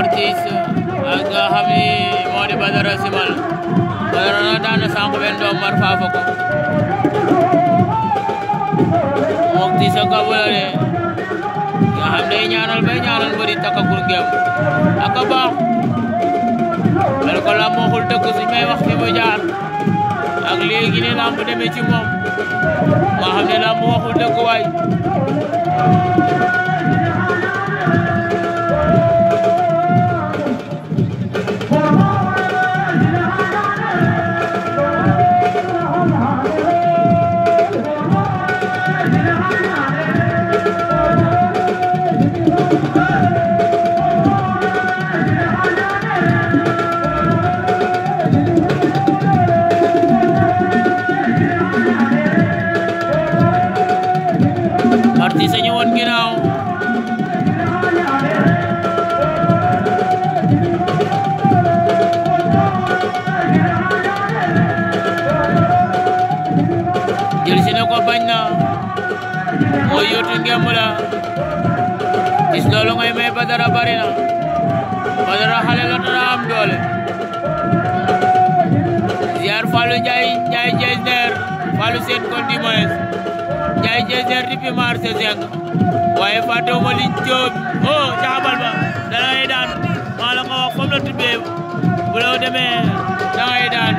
artis aga xamni modi badara simal badara na dana sangu ben mar fa fa ko mokti sa ka bolare ya, nga nyaral day ñaanal bay bari takagur gem aka baax man ko la mo xul dekk suñ may wax fi jaar ak legi ne deme ci mom ma xam ne lamb waxul way ar sañu woon ginnaaw jël si ko bañ na mooy yóotu ngemb la gis loolu may Badara bari Badara xale la dana am doole ziar Fallou Ndiaye Ndiaye Ndiaye Nder Fallou Sène kon di moyes depuis mars cinq waaye fàttewuma li Diop oh caxabal ba da ngay daan maa la ko wax comme la tuddee bu demee da ngay daan